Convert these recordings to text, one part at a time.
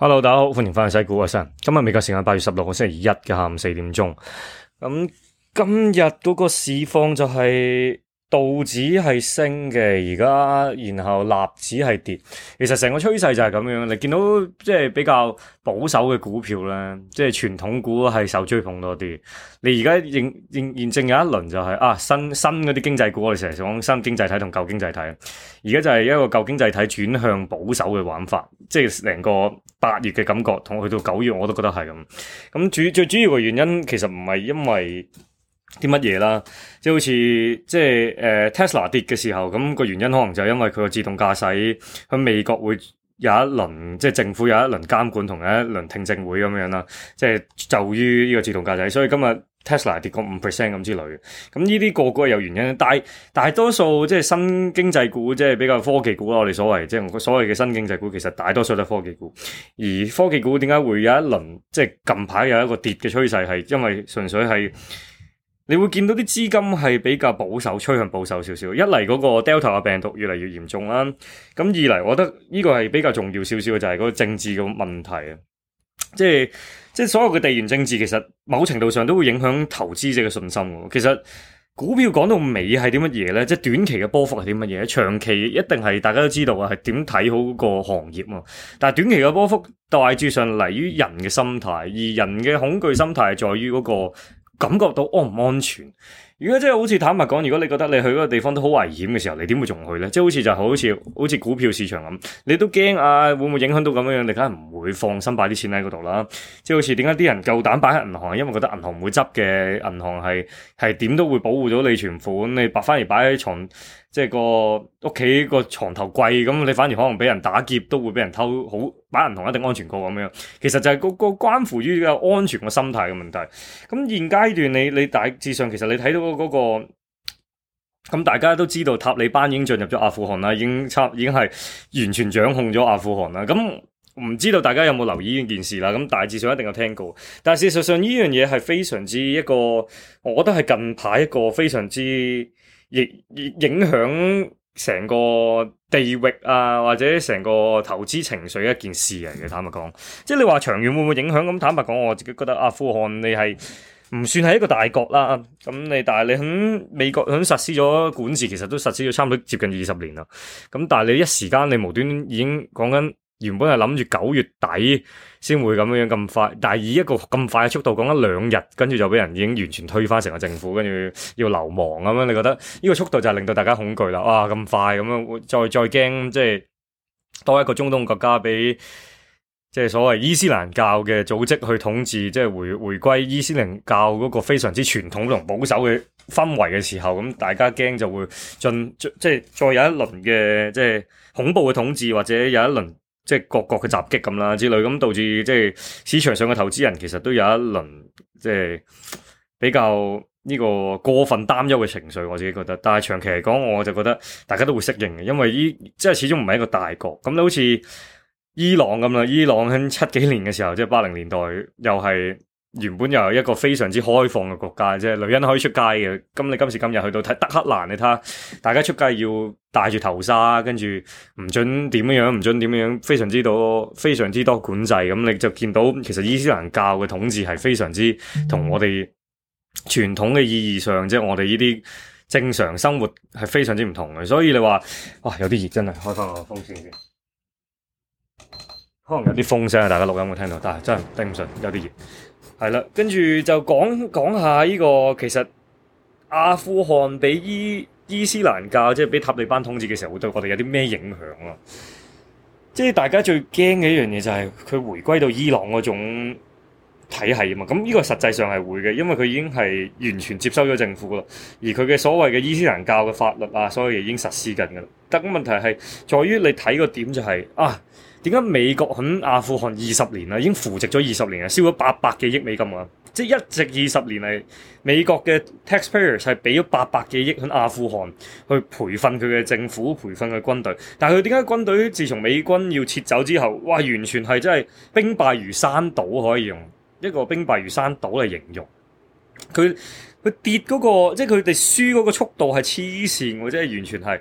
Hello，大家好，歡迎返去西股，我係新今日美國時間八月十六號星期一嘅下午四點鐘，咁、嗯、今日嗰個市況就係、是。道指係升嘅，而家然後納指係跌，其實成個趨勢就係咁樣。你見到即係比較保守嘅股票咧，即係傳統股係受追捧多啲。你而家認認驗證有一輪就係啊新新嗰啲經濟股，我哋成日講新經濟體同舊經濟體，而家就係一個舊經濟體轉向保守嘅玩法，即係成個八月嘅感覺，同去到九月我都覺得係咁。咁主最主要嘅原因其實唔係因為。啲乜嘢啦？即係好似即係誒，Tesla 跌嘅時候，咁個原因可能就因為佢個自動駕駛，喺美國會有一輪即係政府有一輪監管同一輪聽證會咁樣啦。即係就於呢個自動駕駛，所以今日 Tesla 跌個五 percent 咁之類。咁呢啲個股係有原因，但係大多數即係新經濟股，即係比較科技股啦。我哋所謂即係我所謂嘅新經濟股，其實大多數都係科技股。而科技股點解會有一輪即係近排有一個跌嘅趨勢，係因為純粹係。你會見到啲資金係比較保守，趨向保守少少。一嚟嗰個 Delta 嘅病毒越嚟越嚴重啦，咁二嚟我覺得呢個係比較重要少少嘅，就係嗰個政治嘅問題啊！即係即係所有嘅地緣政治，其實某程度上都會影響投資者嘅信心。其實股票講到尾係點乜嘢咧？即係短期嘅波幅係點乜嘢？長期一定係大家都知道啊，係點睇好個行業啊。但係短期嘅波幅大致上嚟於人嘅心態，而人嘅恐懼心態係在於嗰個。感覺到安唔安全？如果真係好似坦白講，如果你覺得你去嗰個地方都好危險嘅時候，你點會仲去呢？即係好似就好似好似股票市場咁，你都驚啊，會唔會影響到咁樣樣？你梗係唔會放心擺啲錢喺嗰度啦。即係好似點解啲人夠膽擺喺銀行？因為覺得銀行唔會執嘅，銀行係係點都會保護到你存款。你擺返嚟擺喺床。即係個屋企個床頭櫃咁，你反而可能俾人打劫，都會俾人偷。好把銀行，一定安全過咁樣。其實就係個個關乎於個安全個心態嘅問題。咁現階段你你大致上，其實你睇到嗰個咁大家都知道，塔利班已經進入咗阿富汗啦，已經已經係完全掌控咗阿富汗啦。咁唔知道大家有冇留意呢件事啦？咁大致上一定有聽過，但係事實上呢樣嘢係非常之一個，我覺得係近排一個非常之。亦影響成個地域啊，或者成個投資情緒一件事嚟嘅。坦白講，即係你話長遠會唔會影響咁？坦白講，我自己覺得阿富汗你係唔算係一個大國啦。咁你但係你喺美國響實施咗管治，其實都實施咗差唔多接近二十年啦。咁但係你一時間你無端端已經講緊。原本係諗住九月底先會咁樣咁快，但係以一個咁快嘅速度講咗兩日，跟住就俾人已經完全推翻成個政府，跟住要流亡咁樣。你覺得呢個速度就令到大家恐懼啦？哇，咁快咁樣，再再驚，即係多一個中東國家俾即係所謂伊斯蘭教嘅組織去統治，即係回回歸伊斯蘭教嗰個非常之傳統同保守嘅氛圍嘅時候，咁、嗯、大家驚就會進即係再有一輪嘅即係恐怖嘅統治，或者有一輪。即係各國嘅襲擊咁啦之類，咁導致即係市場上嘅投資人其實都有一輪即係比較呢個過分擔憂嘅情緒，我自己覺得。但係長期嚟講，我就覺得大家都會適應嘅，因為呢即係始終唔係一個大國。咁你好似伊朗咁啦，伊朗喺七幾年嘅時候，即係八零年代又係。原本又係一個非常之開放嘅國家，即係女人可以出街嘅。咁你今時今日去到睇德黑蘭，你睇下大家出街要戴住頭紗，跟住唔準點樣樣，唔準點樣樣，非常之多，非常之多管制。咁你就見到其實伊斯蘭教嘅統治係非常之同我哋傳統嘅意義上，即係我哋呢啲正常生活係非常之唔同嘅。所以你話哇，有啲熱，真係開翻個風扇先，可能有啲風聲啊！大家錄音有冇聽到？但係真係頂唔順，有啲熱。係啦，跟住就講講下呢個其實阿富汗俾伊伊斯蘭教，即係俾塔利班統治嘅時候，會對我哋有啲咩影響啦？即係大家最驚嘅一樣嘢就係佢回歸到伊朗嗰種體系啊嘛。咁呢個實際上係會嘅，因為佢已經係完全接收咗政府啦，而佢嘅所謂嘅伊斯蘭教嘅法律啊，所有嘢已經實施緊噶啦。但問題係在於你睇個點就係啊。點解美國喺阿富汗二十年啦，已經扶植咗二十年啊，燒咗八百幾億美金啊，即係一直二十年嚟，美國嘅 taxpayers 係俾咗八百幾億喺阿富汗去培訓佢嘅政府，培訓佢軍隊。但係佢點解軍隊自從美軍要撤走之後，哇，完全係真係兵敗如山倒，可以用一個兵敗如山倒嚟形容。佢佢跌嗰個，即係佢哋輸嗰個速度係黐線，我真係完全係。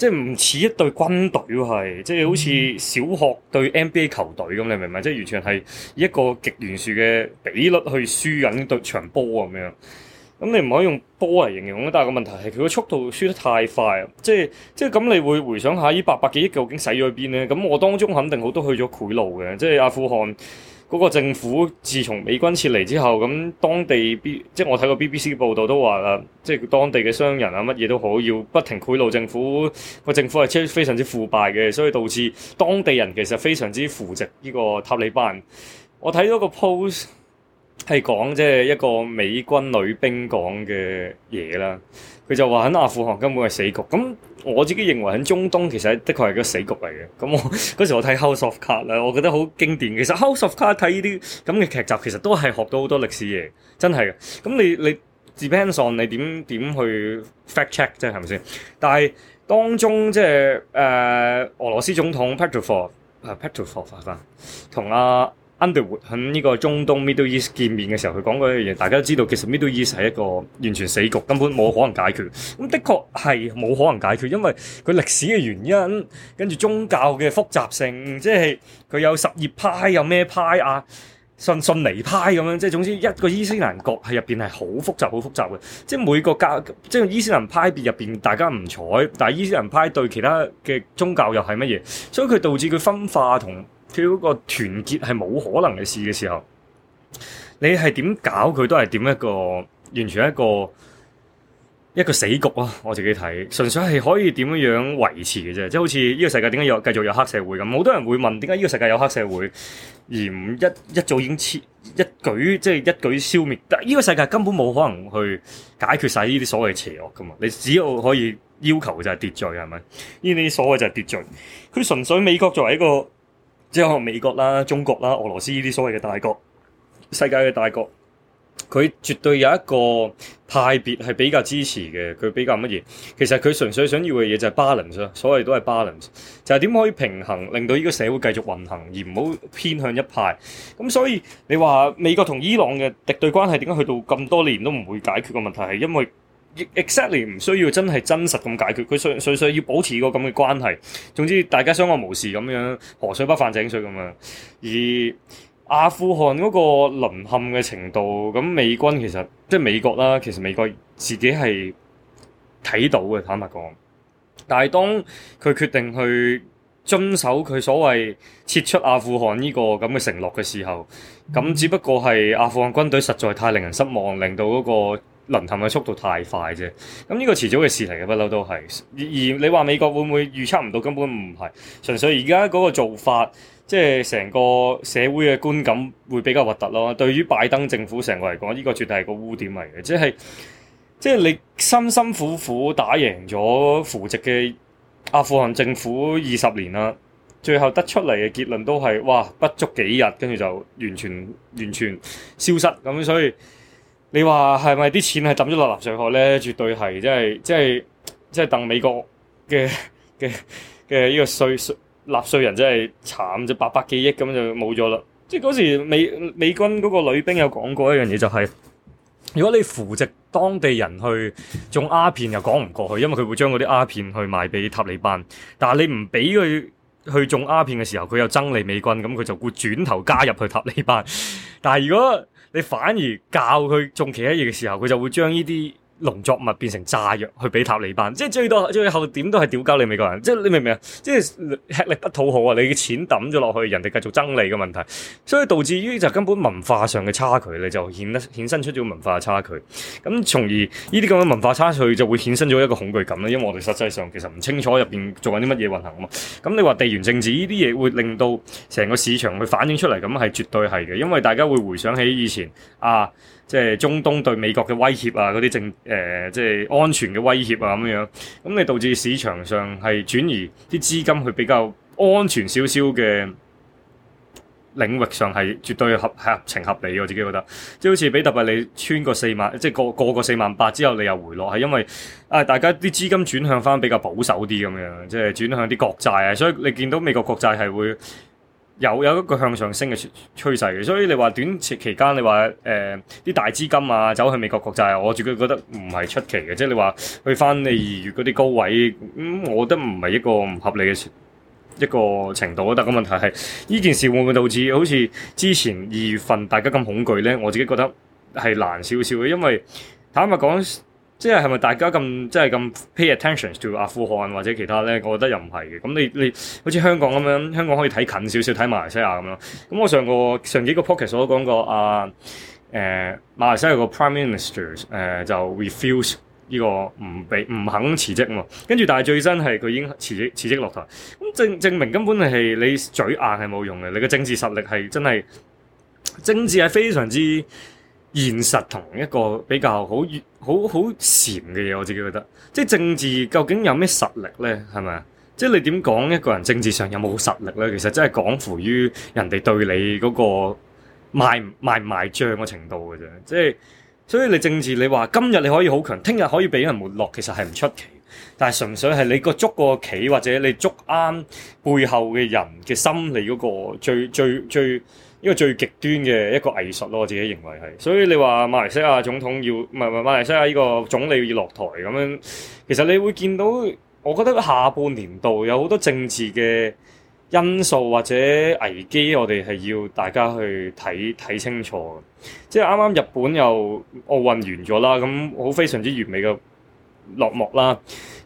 即係唔似一隊軍隊喎，即係好似小學對 NBA 球隊咁，你明唔明？即係完全係一個極懸殊嘅比率去輸緊對場波咁樣。咁你唔可以用波嚟形容咧，但係個問題係佢個速度輸得太快啊！即係即係咁，你會回想下呢八百幾億究竟使咗去邊咧？咁我當中肯定好多去咗賄賂嘅，即係阿富汗嗰個政府，自從美軍撤離之後，咁當地即係我睇過 BBC 報道都話啦，即係當地嘅商人啊乜嘢都好，要不停賄賂政府，個政府係非常之腐敗嘅，所以導致當地人其實非常之扶植呢個塔利班。我睇到個 post。係講即係一個美軍女兵講嘅嘢啦，佢就話喺阿富汗根本係死局。咁我自己認為喺中東其實的確係個死局嚟嘅。咁我嗰 時我睇 House of Cards 我覺得好經典。其實 House of Cards 睇呢啲咁嘅劇集，其實都係學到好多歷史嘢，真係嘅。咁你你 depends on 你點點去 fact check 啫，係咪先？但係當中即係誒、呃、俄羅斯總統 Petrov 啊 Petrov 係咪同阿？under 喺呢個中東 Middle East 見面嘅時候，佢講嗰啲嘢，大家都知道，其實 Middle East 係一個完全死局，根本冇可能解決。咁的確係冇可能解決，因為佢歷史嘅原因，跟住宗教嘅複雜性，即係佢有什葉派，有咩派啊？信遜尼派咁樣，即係總之一個伊斯蘭國喺入邊係好複雜，好複雜嘅。即係每個教，即係伊斯蘭派別入邊，大家唔睬，但係伊斯蘭派對其他嘅宗教又係乜嘢，所以佢導致佢分化同。佢嗰個團結係冇可能嘅事嘅時候，你係點搞佢都係點，一個完全一個一個死局啊。我自己睇，純粹係可以點樣樣維持嘅啫。即係好似呢個世界點解有繼續有黑社會咁？好多人會問，點解呢個世界有黑社會，而唔一一早已經一舉即係一,一舉消滅。但呢個世界根本冇可能去解決晒呢啲所謂邪惡噶嘛。你只要可以要求就係秩序，係咪？呢啲所謂就係秩序。佢純粹美國作為一個。即係美國啦、中國啦、俄羅斯呢啲所謂嘅大國，世界嘅大國，佢絕對有一個派別係比較支持嘅，佢比較乜嘢？其實佢純粹想要嘅嘢就係 balance 啦。所謂都係 balance，就係點可以平衡，令到呢個社會繼續運行，而唔好偏向一派。咁所以你話美國同伊朗嘅敵對關係，點解去到咁多年都唔會解決嘅問題，係因為？exactly 唔需要真係真實咁解決，佢碎碎碎要保持個咁嘅關係。總之大家相安無事咁樣，河水不犯井水咁樣。而阿富汗嗰個淪陷嘅程度，咁美軍其實即係美國啦，其實美國自己係睇到嘅，坦白講。但係當佢決定去遵守佢所謂撤出阿富汗呢個咁嘅承諾嘅時候，咁、嗯、只不過係阿富汗軍隊實在太令人失望，令到嗰個。淪陷嘅速度太快啫，咁呢個遲早嘅事嚟嘅，不嬲都係。而你話美國會唔會預測唔到？根本唔係，純粹而家嗰個做法，即係成個社會嘅觀感會比較核突咯。對於拜登政府成個嚟講，呢個絕對係個污點嚟嘅，即係即係你辛辛苦苦打贏咗扶植嘅阿富汗政府二十年啦，最後得出嚟嘅結論都係：哇，不足幾日，跟住就完全完全消失咁，所以。你話係咪啲錢係抌咗落納稅學咧？絕對係，即係即係即係，等美國嘅嘅嘅呢個稅稅納稅人真係慘，就八百幾億咁就冇咗啦。即係嗰時美美軍嗰個女兵有講過一樣嘢，就係，就係如果你扶植當地人去種鴉片，又講唔過去，因為佢會將嗰啲鴉片去賣俾塔利班。但係你唔俾佢去種鴉片嘅時候，佢又憎你美軍，咁佢就會轉頭加入去塔利班。但係如果你反而教佢種其他嘢嘅時候，佢就會將呢啲農作物變成炸藥去俾塔利班，即係最多最後點都係屌鳩你美國人，即係你明唔明啊？即係吃力不討好啊！你嘅錢抌咗落去，人哋繼續爭利嘅問題，所以導致於就根本文化上嘅差距，你就衍，衍生出咗文，文化差距。咁從而呢啲咁嘅文化差距就會衍生咗一個恐懼感啦。因為我哋實際上其實唔清楚入邊做緊啲乜嘢運行啊嘛。咁你話地緣政治呢啲嘢會令到成個市場去反映出嚟，咁係絕對係嘅。因為大家會回想起以前啊。即係中東對美國嘅威脅啊，嗰啲政誒即係安全嘅威脅啊，咁樣，咁你導致市場上係轉移啲資金去比較安全少少嘅領域上係絕對合合情合理，我自己覺得。即係好似比特幣你穿過四萬，即係過過過四萬八之後你又回落，係因為啊、哎、大家啲資金轉向翻比較保守啲咁樣，即係轉向啲國債啊，所以你見到美國國債係會，有有一個向上升嘅趨勢嘅，所以你話短期間你話誒啲大資金啊走去美國國債，我自己覺得唔係出奇嘅，即係你話去翻你二月嗰啲高位，咁、嗯、我覺得唔係一個唔合理嘅一個程度，但係問題係呢件事會唔會導致好似之前二月份大家咁恐懼咧？我自己覺得係難少少嘅，因為坦白講。即係係咪大家咁即係咁 pay attention to 阿富汗或者其他咧？我覺得又唔係嘅。咁你你好似香港咁樣，香港可以睇近少少睇馬來西亞咁咯。咁我上個上幾個 podcast 我都講過啊，誒、呃、馬來西亞個 prime minister 誒、呃、就 refuse 呢、呢個唔俾唔肯辭職嘛。跟住但係最新係佢已經辭職辭職落台，咁證證明根本係你嘴硬係冇用嘅。你嘅政治實力係真係政治係非常之。現實同一個比較好，好好禪嘅嘢，我自己覺得，即係政治究竟有咩實力呢？係咪？即係你點講一個人政治上有冇實力呢？其實真係講乎於人哋對你嗰個賣賣唔賣帳嘅程度嘅啫。即係所以你政治你話今日你可以好強，聽日可以俾人沒落，其實係唔出奇。但係純粹係你個捉個棋，或者你捉啱背後嘅人嘅心理嗰個最最最。最呢個最極端嘅一個藝術咯，我自己認為係。所以你話馬來西亞總統，要唔係唔係馬來西亞呢個總理要落台咁樣，其實你會見到，我覺得下半年度有好多政治嘅因素或者危機，我哋係要大家去睇睇清楚。即係啱啱日本又奧運完咗啦，咁好非常之完美嘅。落幕啦！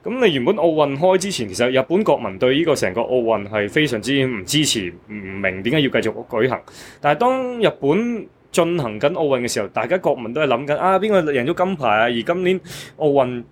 咁你原本奧運開之前，其實日本國民對呢個成個奧運係非常之唔支持，唔明點解要繼續舉行。但係當日本進行緊奧運嘅時候，大家國民都係諗緊啊，邊個贏咗金牌啊！而今年奧運。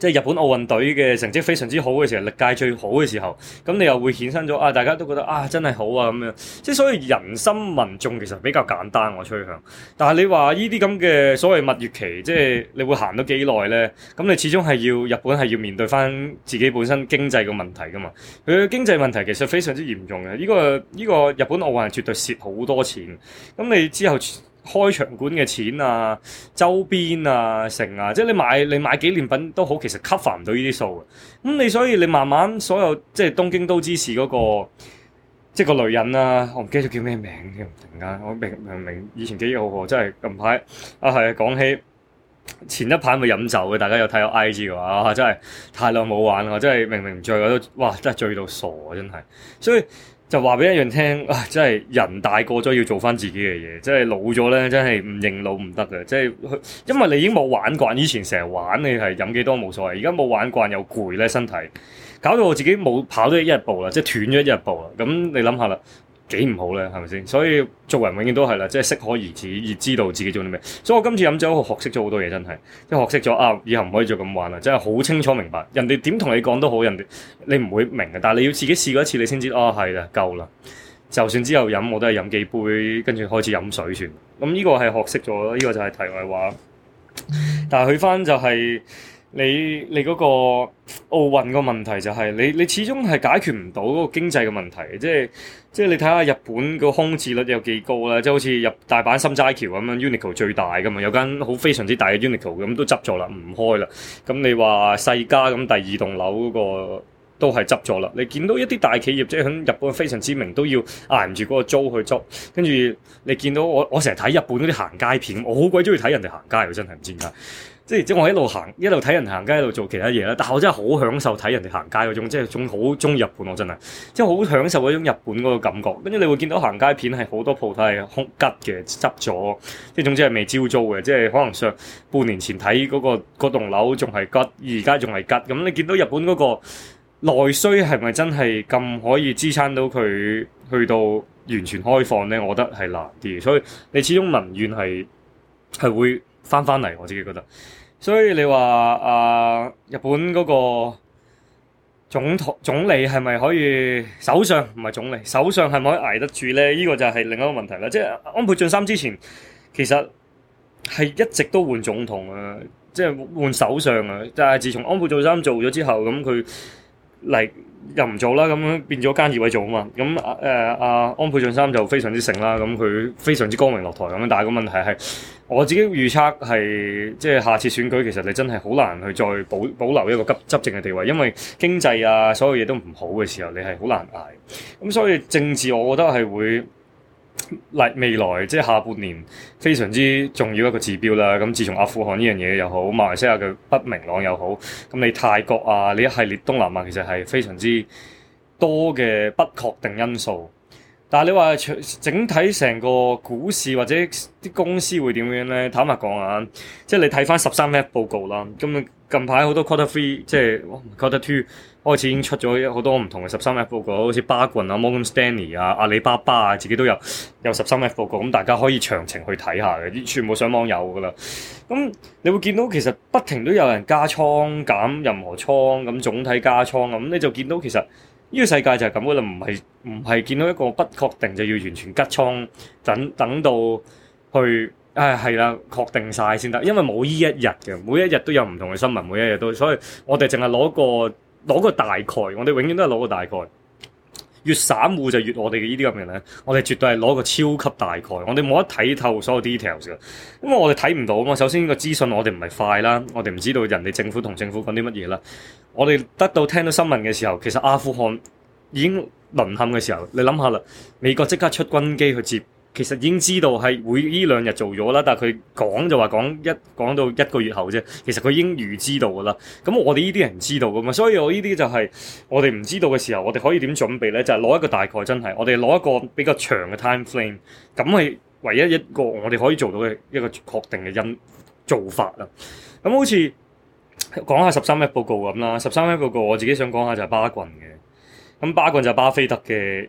即係日本奧運隊嘅成績非常之好嘅時候，歷屆最好嘅時候，咁你又會衍生咗啊！大家都覺得啊，真係好啊咁樣。即係所以人心民眾其實比較簡單，我吹向，但係你話呢啲咁嘅所謂蜜月期，即係你會行到幾耐咧？咁你始終係要日本係要面對翻自己本身經濟嘅問題㗎嘛？佢嘅經濟問題其實非常之嚴重嘅。呢個呢個日本奧運係絕對蝕好多錢。咁你之後？開場館嘅錢啊，周邊啊，成啊，即係你買你買紀念品都好，其實 cover 唔到呢啲數嘅。咁、嗯、你所以你慢慢所有即係東京都知事嗰個，即係個女人啊，我唔記得叫咩名添啊。我明明明，明，明以前幾好喎，真係近排啊係啊講起前一排咪飲酒嘅，大家又睇我 IG 嘅話，真係太耐冇玩我真係明明唔醉我都哇真係醉到傻啊，真係所以。就話俾一樣聽，啊！真係人大過咗要做翻自己嘅嘢，即係老咗咧，真係唔認老唔得嘅，即係因為你已經冇玩慣，以前成日玩，你係飲幾多冇所謂，而家冇玩慣又攰咧身體，搞到我自己冇跑咗一日步啦，即係斷咗一日步啦，咁你諗下啦。幾唔好咧，係咪先？所以做人永遠都係啦，即係適可而止，而知道自己做啲咩。所以我今次飲酒我學識咗好多嘢，真係即係學識咗啊！以後唔可以再咁玩啦，真係好清楚明白。人哋點同你講都好，人哋你唔會明嘅。但係你要自己試過一次，你先知啊，係啦，夠啦。就算之後飲，我都係飲幾杯，跟住開始飲水算。咁呢個係學識咗，呢個就係題外話。但係去翻就係。你你嗰個奧運個問題就係你你始終係解決唔到嗰個經濟嘅問題，即係即係你睇下日本個空置率有幾高啦，即係好似日大阪心齋橋咁樣 Uniqlo 最大㗎嘛，有間好非常之大嘅 Uniqlo 咁都執咗啦，唔開啦。咁你話世嘉咁第二棟樓嗰個都係執咗啦。你見到一啲大企業即係響日本非常之知名都要捱唔住嗰個租去執，跟住你見到我我成日睇日本嗰啲行街片，我好鬼中意睇人哋行街㗎，我真係唔知點解。即係即我一路行，一路睇人行街，一路做其他嘢啦。但係我真係好享受睇人哋行街嗰種，即係種好中意日本，我真係即係好享受嗰種日本嗰個感覺。跟住你會見到行街片係好多鋪頭係空吉嘅，執咗，即係總之係未招租嘅。即係可能上半年前睇嗰個嗰棟樓仲係吉，而家仲係吉。咁你見到日本嗰個內需係咪真係咁可以支撐到佢去到完全開放咧？我覺得係難啲，所以你始終能源係係會。翻翻嚟我自己覺得。所以你話啊,日本嗰個又唔做啦，咁變咗菅義偉做啊嘛，咁誒阿安倍晉三就非常之勝啦，咁佢非常之光榮落台咁樣，但係個問題係，我自己預測係即係下次選舉其實你真係好難去再保保留一個執執政嘅地位，因為經濟啊所有嘢都唔好嘅時候，你係好難捱，咁所以政治我覺得係會。嚟未來即係下半年非常之重要一個指標啦。咁自從阿富汗呢樣嘢又好，馬來西亞嘅不明朗又好，咁你泰國啊，你一系列東南亞、啊、其實係非常之多嘅不確定因素。但係你話整體成個股市或者啲公司會點樣咧？坦白講啊，即係你睇翻十三 F 報告啦，咁。近排好多 quarter three 即係 quarter two 開始已經出咗好多唔同嘅十三 F 股，好似巴郡啊、摩根士丹利啊、阿里巴巴啊，自己都有有十三 F 股咁，大家可以詳情去睇下嘅，啲全部上網有噶啦。咁你會見到其實不停都有人加倉減任何倉，咁總體加倉咁你就見到其實呢個世界就係咁噶啦，唔係唔係見到一個不確定就要完全吉倉，等等到去。誒係啦，確定晒先得，因為冇呢一日嘅，每一日都有唔同嘅新聞，每一日都，所以我哋淨係攞個攞個大概，我哋永遠都係攞個大概。越散戶就越我哋嘅呢啲咁嘅咧，我哋絕對係攞個超級大概，我哋冇得睇透所有 details 嘅，因為我哋睇唔到啊嘛。首先個資訊我哋唔係快啦，我哋唔知道人哋政府同政府講啲乜嘢啦。我哋得到聽到新聞嘅時候，其實阿富汗已經淪陷嘅時候，你諗下啦，美國即刻出軍機去接。其實已經知道係會呢兩日做咗啦，但係佢講就話講一講到一個月後啫。其實佢已經預知道噶啦。咁我哋呢啲人知道噶嘛，所以我呢啲就係我哋唔知道嘅時候，我哋可以點準備咧？就係、是、攞一個大概真，真係我哋攞一個比較長嘅 time frame，咁係唯一一個我哋可以做到嘅一個確定嘅因做法啦。咁好似講下十三 F 報告咁啦，十三 F 報告我自己想講下就係巴郡嘅，咁巴郡就係巴菲特嘅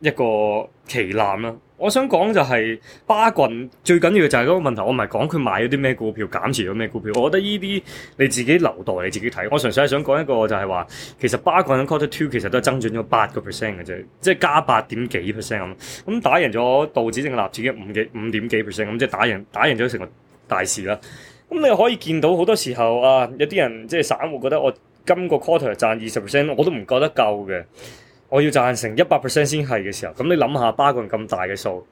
一個旗艦啦。我想講就係、是、巴郡最緊要嘅就係嗰個問題，我唔係講佢買咗啲咩股票減持咗咩股票，我覺得呢啲你自己留待你自己睇。我純粹係想講一個就係話，其實巴郡 quarter two 其實都係增長咗八個 percent 嘅啫，即係加八點幾 percent 咁。咁打贏咗道指定個納指嘅五幾五點幾 percent 咁，即係打贏打贏咗成個大市啦。咁你可以見到好多時候啊，有啲人即係散戶覺得我今個 quarter 賺二十 percent，我都唔覺得夠嘅。我要賺成一百 percent 先係嘅時候，咁你諗下巴個人咁大嘅數，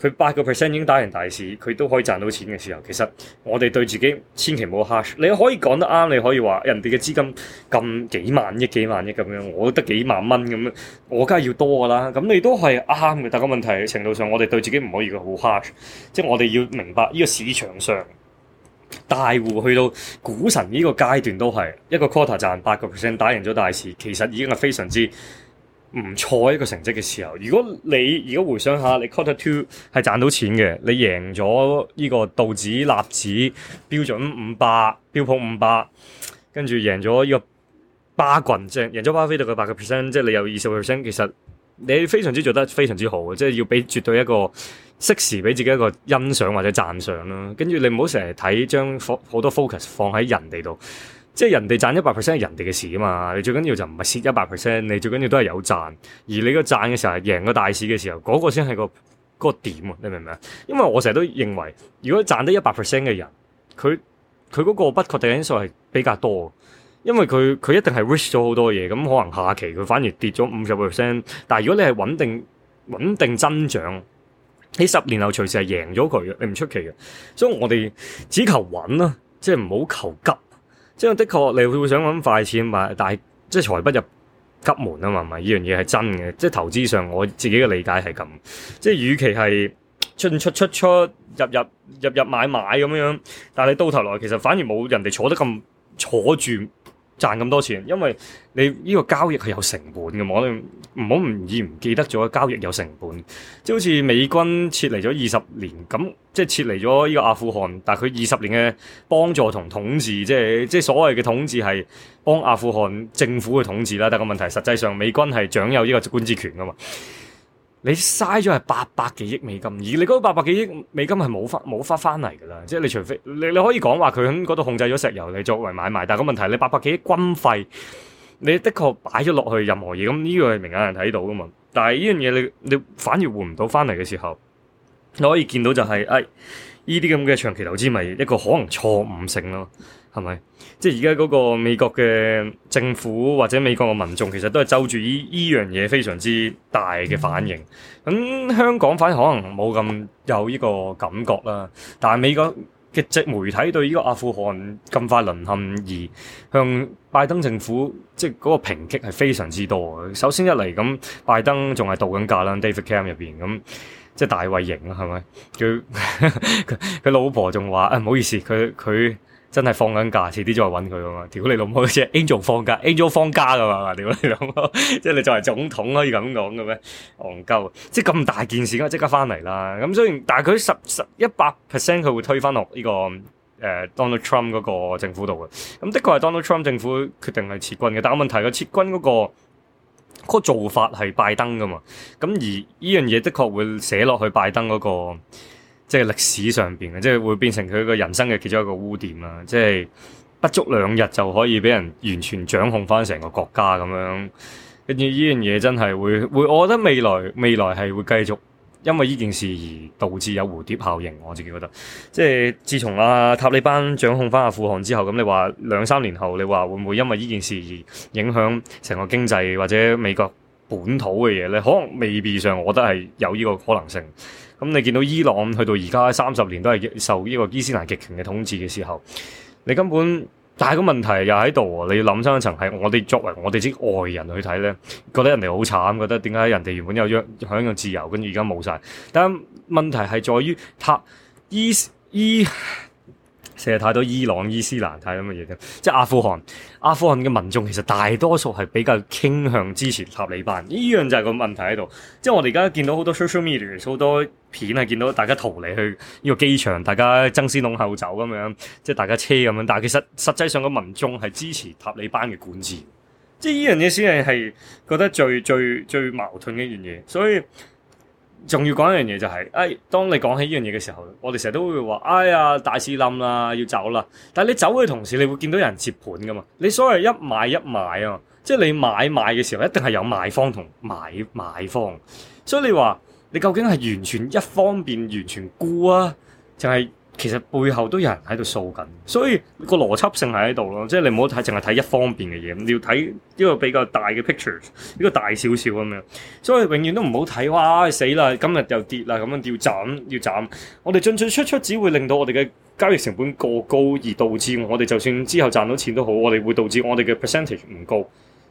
佢八個 percent 已經打贏大市，佢都可以賺到錢嘅時候，其實我哋對自己千祈唔好 hush。你可以講得啱，你可以話人哋嘅資金咁幾萬億、幾萬億咁樣，我都得幾萬蚊咁樣，我梗係要多噶啦。咁你都係啱嘅，但個問題程度上，我哋對自己唔可以好 hush，即係我哋要明白呢個市場上大戶去到股神呢個階段都係一個 quarter 賺八個 percent 打贏咗大市，其實已經係非常之唔錯一個成績嘅時候，如果你如果回想下，你 Quarter Two 係賺到錢嘅，你贏咗呢個道指、納指標準五百、標普五百，跟住贏咗呢個巴郡，即係贏咗巴菲特嘅百個 percent，即係你有二十個 percent，其實你非常之做得非常之好，即係要俾絕對一個適時俾自己一個欣賞或者讚賞啦。跟住你唔好成日睇，將好多 focus 放喺人哋度。即係人哋賺一百 percent 係人哋嘅事啊嘛，你最緊要就唔係蝕一百 percent，你最緊要都係有賺。而你個賺嘅時候，係贏個大市嘅時候，嗰個先係個個點啊！你明唔明啊？因為我成日都認為，如果賺得一百 percent 嘅人，佢佢嗰個不確定因素係比較多，因為佢佢一定係 risk 咗好多嘢，咁可能下期佢反而跌咗五十 percent。但係如果你係穩定穩定增長，你十年後隨時係贏咗佢嘅，你唔出奇嘅。所以我哋只求穩啦，即係唔好求急。即係的確，你會想搵快錢嘛。但係即係財不入急門啊嘛。唔係呢樣嘢係真嘅，即係投資上我自己嘅理解係咁。即係與其係出出出出入入入入買買咁樣，但係你到頭來其實反而冇人哋坐得咁坐住。賺咁多錢，因為你呢個交易係有成本嘅，我哋唔好唔易唔記得咗交易有成本，即係好似美軍撤離咗二十年，咁即係撤離咗呢個阿富汗，但係佢二十年嘅幫助同統治，即係即係所謂嘅統治係幫阿富汗政府嘅統治啦，但係個問題實際上美軍係掌有呢個管治權噶嘛。你嘥咗係八百幾億美金，而你嗰八百幾億美金係冇翻冇翻翻嚟㗎喇，即係你除非你你可以講話佢喺嗰度控制咗石油你作為買賣，但係個問題你八百幾億軍費，你的確擺咗落去任何嘢，咁呢個係明眼人睇到㗎嘛，但係呢樣嘢你你反而換唔到翻嚟嘅時候，你可以見到就係、是，哎。呢啲咁嘅長期投資咪一個可能錯誤性咯，係咪？即係而家嗰個美國嘅政府或者美國嘅民眾，其實都係周住依依樣嘢非常之大嘅反應。咁香港反而可能冇咁有呢個感覺啦。但係美國嘅即媒體對呢個阿富汗咁快淪陷而向拜登政府即係嗰個抨擊係非常之多。首先一嚟咁，拜登仲係度緊假啦，Camp David 入邊咁。即係大衛營啊，係咪？佢佢老婆仲話：啊、哎、唔好意思，佢佢真係放緊假，遲啲再揾佢啊嘛！屌你老母，即係 Angel 放假，Angel 放假㗎嘛？屌你老母！即係你作為總統可以咁講嘅咩？憨鳩！即係咁大件事，梗係即刻翻嚟啦。咁雖然，但係佢十十一百 percent 佢會推翻落呢個誒 Donald Trump 嗰個政府度嘅。咁的確係 Donald Trump 政府決定係撤軍嘅，但係問題個撤軍嗰個個做法係拜登噶嘛，咁而呢樣嘢的確會寫落去拜登嗰個即係歷史上邊嘅，即係會變成佢個人生嘅其中一個污點啦。即係不足兩日就可以俾人完全掌控翻成個國家咁樣，跟住呢樣嘢真係會會，會我覺得未來未來係會繼續。因為呢件事而導致有蝴蝶效應，我自己覺得，即係自從阿塔利班掌控翻阿富汗之後，咁你話兩三年後，你話會唔會因為呢件事而影響成個經濟或者美國本土嘅嘢咧？可能未必上，我覺得係有呢個可能性。咁你見到伊朗去到而家三十年都係受呢個伊斯蘭極權嘅統治嘅時候，你根本。但係個問題又喺度喎，你要諗深一層係我哋作為我哋啲外人去睇咧，覺得人哋好慘，覺得點解人哋原本有約享有自由，跟住而家冇晒。但問題係在於，塔依依。成日太多伊朗伊斯蘭，太咁嘅嘢嘅，即係阿富汗。阿富汗嘅民眾其實大多數係比較傾向支持塔利班，呢樣就係個問題喺度。即係我哋而家見到好多 social media 好多片係見到大家逃離去呢個機場，大家爭先弄後走咁樣，即係大家車咁樣。但係其實實際上嘅民眾係支持塔利班嘅管治，即係呢樣嘢先係係覺得最最最矛盾嘅一樣嘢，所以。仲要講一樣嘢就係、是，誒、哎，當你講起呢樣嘢嘅時候，我哋成日都會話，哎呀，大市冧啦，要走啦。但係你走嘅同時，你會見到有人接盤噶嘛？你所謂一買一賣啊，即係你買賣嘅時候一定係有賣方同買買方。所以你話，你究竟係完全一方面完全沽啊，定係？其實背後都有人喺度掃緊，所以個邏輯性係喺度咯，即係你唔好睇淨係睇一方面嘅嘢，你要睇一個比較大嘅 picture，一個大少少咁樣。所以永遠都唔好睇，哇死啦！今日又跌啦，咁樣要斬要斬。我哋進進出出，只會令到我哋嘅交易成本過高，而導致我哋就算之後賺到錢都好，我哋會導致我哋嘅 percentage 唔高。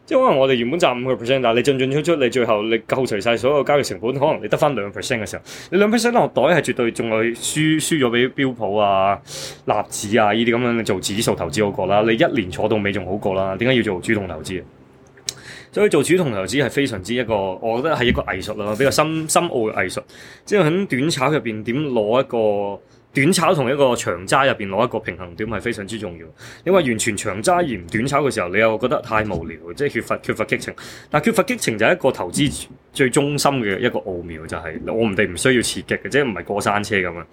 即係可能我哋原本賺五個 percent，但你進進出出，你最後你扣除晒所有交易成本，可能你得翻兩 percent 嘅時候，你兩 percent 落袋係絕對仲係輸輸咗俾標普啊、納指啊呢啲咁樣做指數投資好過啦。你一年坐到尾仲好過啦。點解要做主動投資啊？所以做主動投資係非常之一個，我覺得係一個藝術啦，比較深深奧嘅藝術。即係喺短炒入邊點攞一個短炒同一個長揸入邊攞一個平衡點係非常之重要，因為完全長揸而唔短炒嘅時候，你又覺得太無聊，即係缺乏缺乏激情。但缺乏激情就係一個投資。最中心嘅一個奧妙就係我唔哋唔需要刺激嘅，即係唔係過山車咁啊？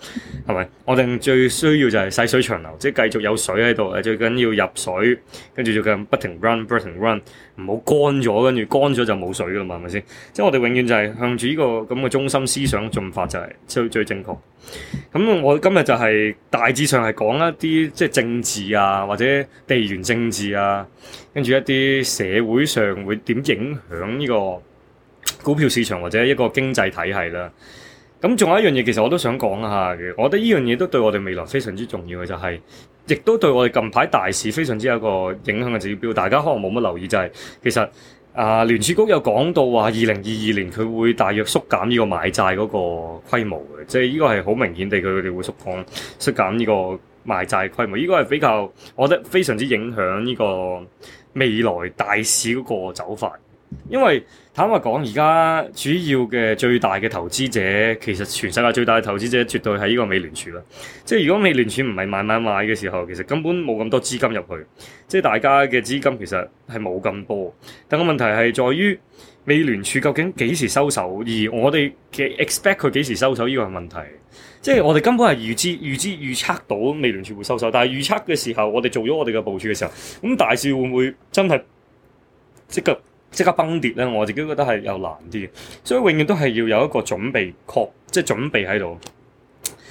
係咪？ 我哋最需要就係細水長流，即係繼續有水喺度。最緊要入水，跟住就要不停 run，不停 run，唔好乾咗。跟住乾咗就冇水噶嘛？係咪先？即係我哋永遠就係向住呢、呢個咁嘅中心思想進發，就係最最正確。咁我今日就係大致上係講一啲即係政治啊，或者地緣政治啊，跟住一啲社會上會點影響呢、呢個股票市場或者一個經濟體系啦，咁仲有一樣嘢，其實我都想講下嘅。我覺得呢樣嘢都對我哋未來非常之重要嘅，就係、是、亦都對我哋近排大市非常之有個影響嘅指標。大家可能冇乜留意、就係，就係其實啊聯儲局有講到話，二零二二年佢會大約縮減呢個買債嗰個規模嘅，即係呢個係好明顯地，佢哋會縮放、縮減呢個買債規模。呢個係比較，我覺得非常之影響呢個未來大市嗰個走法。因為坦白講，而家主要嘅最大嘅投資者，其實全世界最大嘅投資者，絕對係呢個美聯儲啦。即係如果美聯儲唔係買買買嘅時候，其實根本冇咁多資金入去。即係大家嘅資金其實係冇咁多。但個問題係在於，美聯儲究竟幾時收手？而我哋嘅 expect 佢幾時收手，呢個係問題。即係我哋根本係預知、預知、預測到美聯儲會收手，但係預測嘅時候，我哋做咗我哋嘅部署嘅時候，咁大市會唔會真係即刻？即刻崩跌咧，我自己覺得係又難啲嘅，所以永遠都係要有一個準備確，即係準備喺度，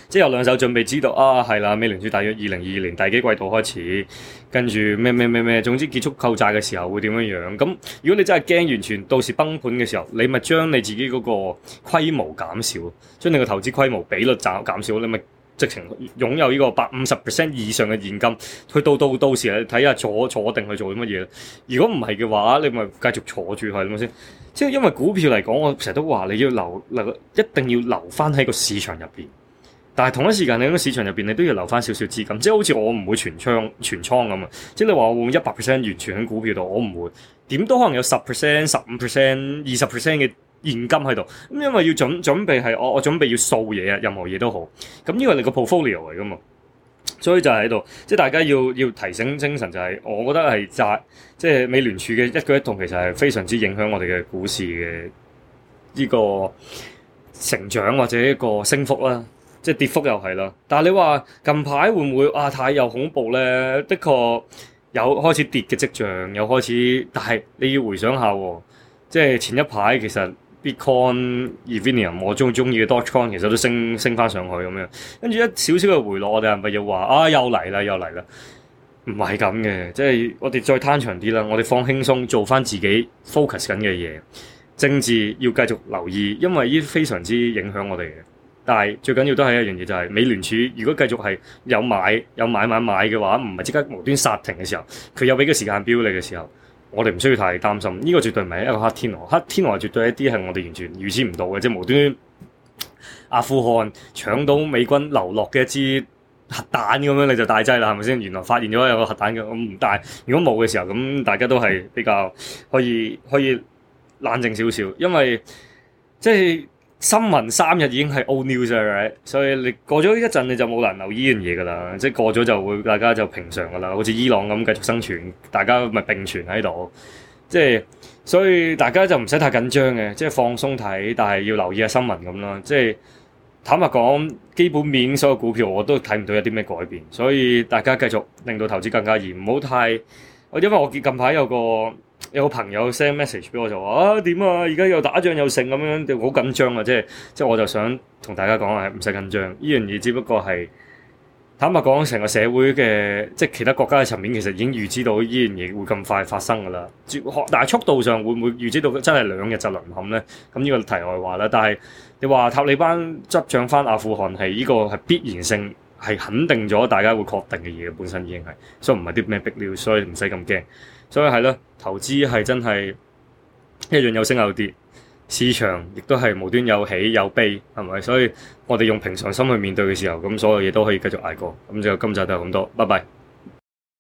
即係有兩手準備，知道啊係啦，美聯儲大約二零二二年第幾季度開始，跟住咩咩咩咩，總之結束扣債嘅時候會點樣樣。咁如果你真係驚完全到時崩盤嘅時候，你咪將你自己嗰個規模減少，將你個投資規模比率減減少，你咪。直情擁有呢個百五十 percent 以上嘅現金，去到到到時睇下坐坐定去做啲乜嘢。如果唔係嘅話，你咪繼續坐住係，咁樣先。即係因為股票嚟講，我成日都話你要留留，一定要留翻喺個市場入邊。但係同一時間你喺個市場入邊，你都要留翻少少資金。即係好似我唔會全倉全倉咁啊。即係你話我會用一百 percent 完全喺股票度，我唔會。點都可能有十 percent、十五 percent、二十 percent 嘅。現金喺度，咁因為要準備準備係我、哦、我準備要掃嘢啊，任何嘢都好。咁因為你個 portfolio 嚟噶嘛，所以就喺度，即係大家要要提醒精神就係、是，我覺得係債，即、就、係、是、美聯儲嘅一舉一動其實係非常之影響我哋嘅股市嘅呢個成長或者一個升幅啦，即係跌幅又係啦。但係你話近排會唔會亞、啊、太又恐怖咧？的確有開始跌嘅跡象，有開始，但係你要回想下喎，即係前一排其實。Bitcoin、Ethereum 我最中意嘅 Dogecoin 其實都升升翻上去咁樣，跟住一少少嘅回落，我哋係咪要話啊又嚟啦，又嚟啦？唔係咁嘅，即係我哋再攤長啲啦，我哋放輕鬆，做翻自己 focus 緊嘅嘢。政治要繼續留意，因為呢啲非常之影響我哋嘅。但係最緊要都係一樣嘢、就係，就係美聯儲如果繼續係有買有買買買嘅話，唔係即刻無端殺停嘅時候，佢有俾個時間表你嘅時候。我哋唔需要太擔心，呢個絕對唔係一個黑天鵝。黑天鵝係絕對一啲係我哋完全預知唔到嘅，即係無端端阿富汗搶到美軍流落嘅一支核彈咁樣，你就大劑啦，係咪先？原來發現咗有個核彈嘅，咁但係如果冇嘅時候，咁大家都係比較可以可以冷靜少少，因為即係。新聞三日已經係 old news 啦，所以你過咗一陣你就冇人留意呢樣嘢㗎啦，即係過咗就會大家就平常㗎啦，好似伊朗咁繼續生存，大家咪並存喺度，即係所以大家就唔使太緊張嘅，即係放鬆睇，但係要留意下新聞咁啦。即係坦白講，基本面所有股票我都睇唔到有啲咩改變，所以大家繼續令到投資更加易，唔好太，因為我見近排有個。有個朋友 send message，俾我就話，啊，點啊？而家又打仗又勝，咁樣好緊張啊！即係即係我就想同大家講係唔使緊張，依樣嘢只不過係坦白講成個社會嘅，即係其他國家嘅層面其實已經預知到依樣嘢會咁快發生噶啦，但係速度上會唔會預知到真係兩日就淪陷咧？咁呢個題外話啦。但係你話塔利班執掌翻阿富汗係呢個係必然性係肯定咗大家會確定嘅嘢本身已經係，所以唔係啲咩逼，所以唔使咁驚。所以係咯，投資係真係一樣有升有跌，市場亦都係無端有喜有悲，係咪？所以我哋用平常心去面對嘅時候，咁所有嘢都可以繼續捱過。咁就今集就係咁多，拜拜。